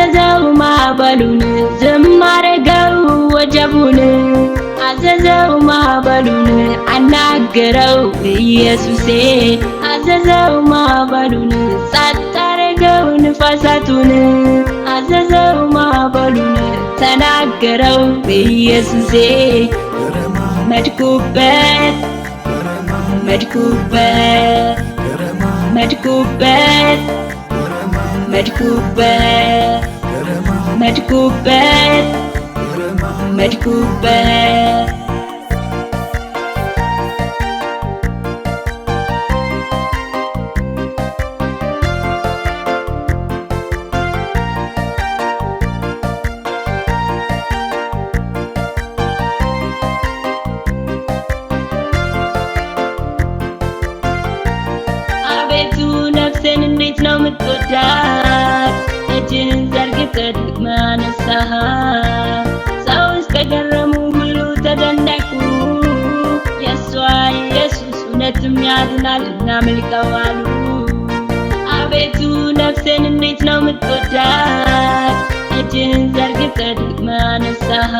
አዘዘው ማዕበሉን ዝም አረገው ወጀቡን አዘዘው ማዕበሉን አናገረው ኢየሱሴ አዘዘው ማዕበሉን ጸጥ አረገው ንፋሳቱን አዘዘው ማዕበሉን ተናገረው ኢየሱሴ መድኩበት መድኩበት መድኩበት መድኩበት መድኩበት መድኩበት ሲያስረግጥ ማነሳሃ ሰው እስከገረሙ ሁሉ ተደነቁ። የእሷ ኢየሱስ እውነትም ያድናል እናምልከው አሉ። አቤቱ ነፍሴን እንዴት ነው የምትወዳት? እጅህን ዘርግተህ ድንቅ ማነሳሃ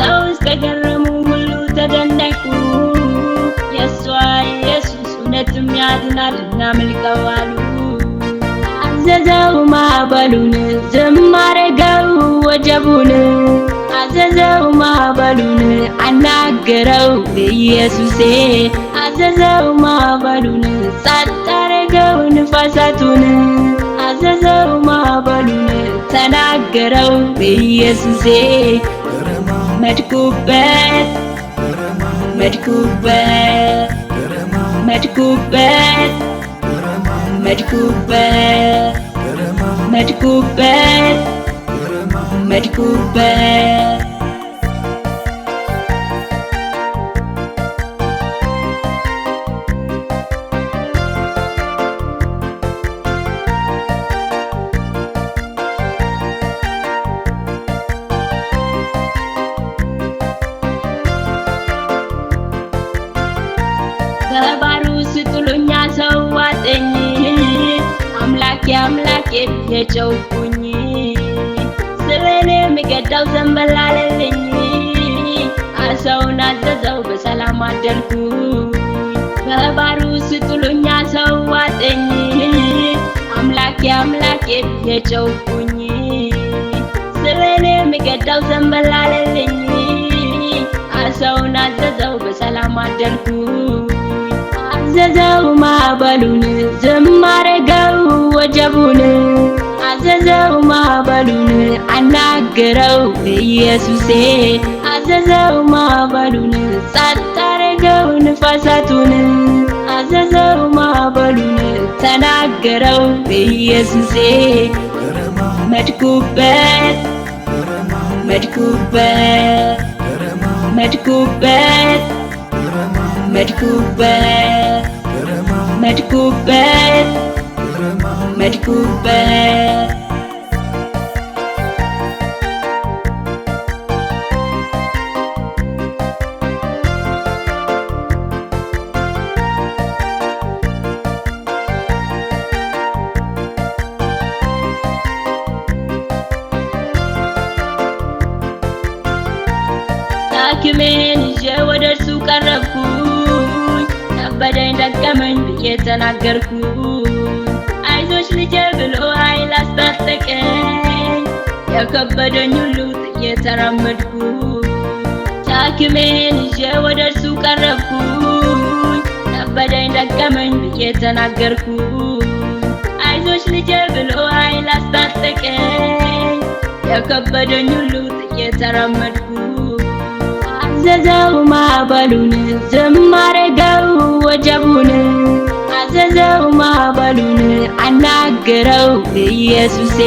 ሰው እስከገረሙ ሁሉ ተደነቁ። የእሷ ኢየሱስ እውነትም ያድናል እናምልከው አሉ። አዘዘው ማዕበሉን ዝማረገው ወጀቡን አዘዘው ማዕበሉን አናገረው ኢየሱሴ አዘዘው ማዕበሉን ጸጥ አረገው ንፋሳቱን አዘዘው ማዕበሉን ተናገረው ኢየሱሴ መድኩበት መድኩበት መድኩበት መድኩበት መድኩበት መድኩበት ቄስ የጨውኩኝ ስበኔ የሚገዳው ዘንበል አሰውን አዘዘው በሰላም አደርኩ በባሩ ስጥሉኝ ሰው አጠኝ አምላኬ አምላኬ የጨውኩኝ ስበኔ የሚገዳው ዘንበል አሰውን አዘዘው በሰላም አደርኩ አዘዘው ማዕበሉን ዝም አረገው ወጀቡን አዘዘው ማዕበሉን አናገረው ኢየሱሴ አዘዘው ማዕበሉን ጸጥ አረገው ንፋሳቱን አዘዘው ማዕበሉን ተናገረው ኢየሱሴ መድኩበት መድኩበት መድኩበት መድኩበት መድኩበት መድኩበት ሐኪሜን ይዤ ወደ እርሱ ቀረብኩኝ። ከበደኝ ደከመኝ ብዬ ተናገርኩኝ። አይዞሽ ልጄ ብሎ ኃይል አስታጠቀኝ። የከበደኝ ሁሉ ጥዬ ተራመድኩኝ። ሐኪሜን ይዤ ወደ እርሱ ቀረብኩኝ። ከበደኝ ደከመኝ ብዬ ተናገርኩኝ። አይዞሽ ልጄ ብሎ ኃይል አስታጠቀኝ። የከበደኝ ሁሉ ጥዬ ተራመድኩኝ። አዘዘው ማዕበሉን ዘማረገው ወጀቡን አዘዘው ማዕበሉን አናገረው ኢየሱሴ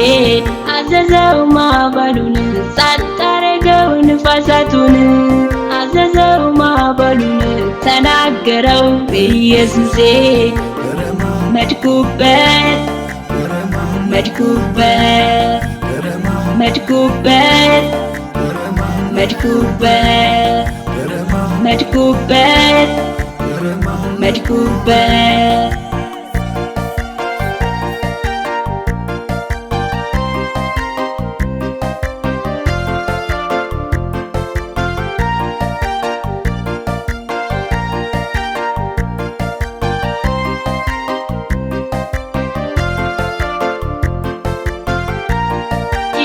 አዘዘው ማዕበሉን ጸጥ አረገው ንፋሳቱን አዘዘው ማዕበሉን ተናገረው ኢየሱሴ መድኩበት መድኩበት መድኩበት መድኩበት መድኩበት መድኩበት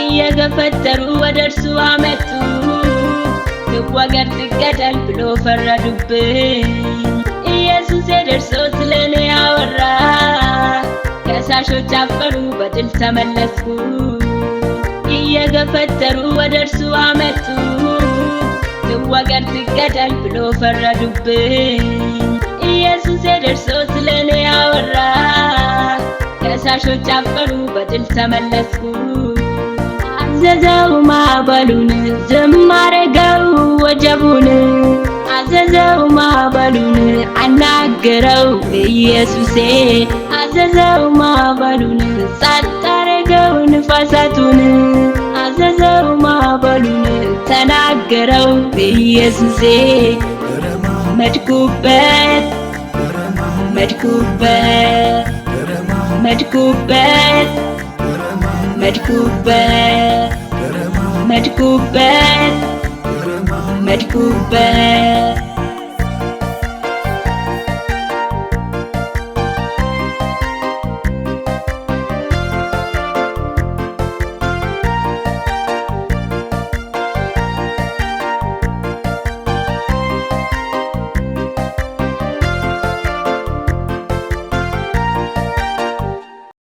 እየገፈተሩ ወደ እርሱ አመጡ ወገን ትገደል ብሎ ፈረዱብኝ። ኢየሱስ ደርሶ ስለኔ አወራ። ከሳሾች አፈሩ፣ በድል ተመለስኩ። እየገፈተሩ ወደ እርሱ አመጡ። ትወገድ ትገደል ብሎ ፈረዱብኝ። ኢየሱስ ደርሶ ስለኔ አወራ። ከሳሾች አፈሩ፣ በድል ተመለስኩ። አዘዘው ማዕበሉን ዝማሬ አረገው ወጀቡን አዘዘው ማዕበሉን አናገረው ኢየሱሴ አዘዘው ማዕበሉን ጸጥ ንፋሳቱን አዘዘው ማዕበሉን ተናገረው ኢየሱሴ መድኩበት መድኩበት መድኩበት መድኩበት መድኩበት ተራመድኩበት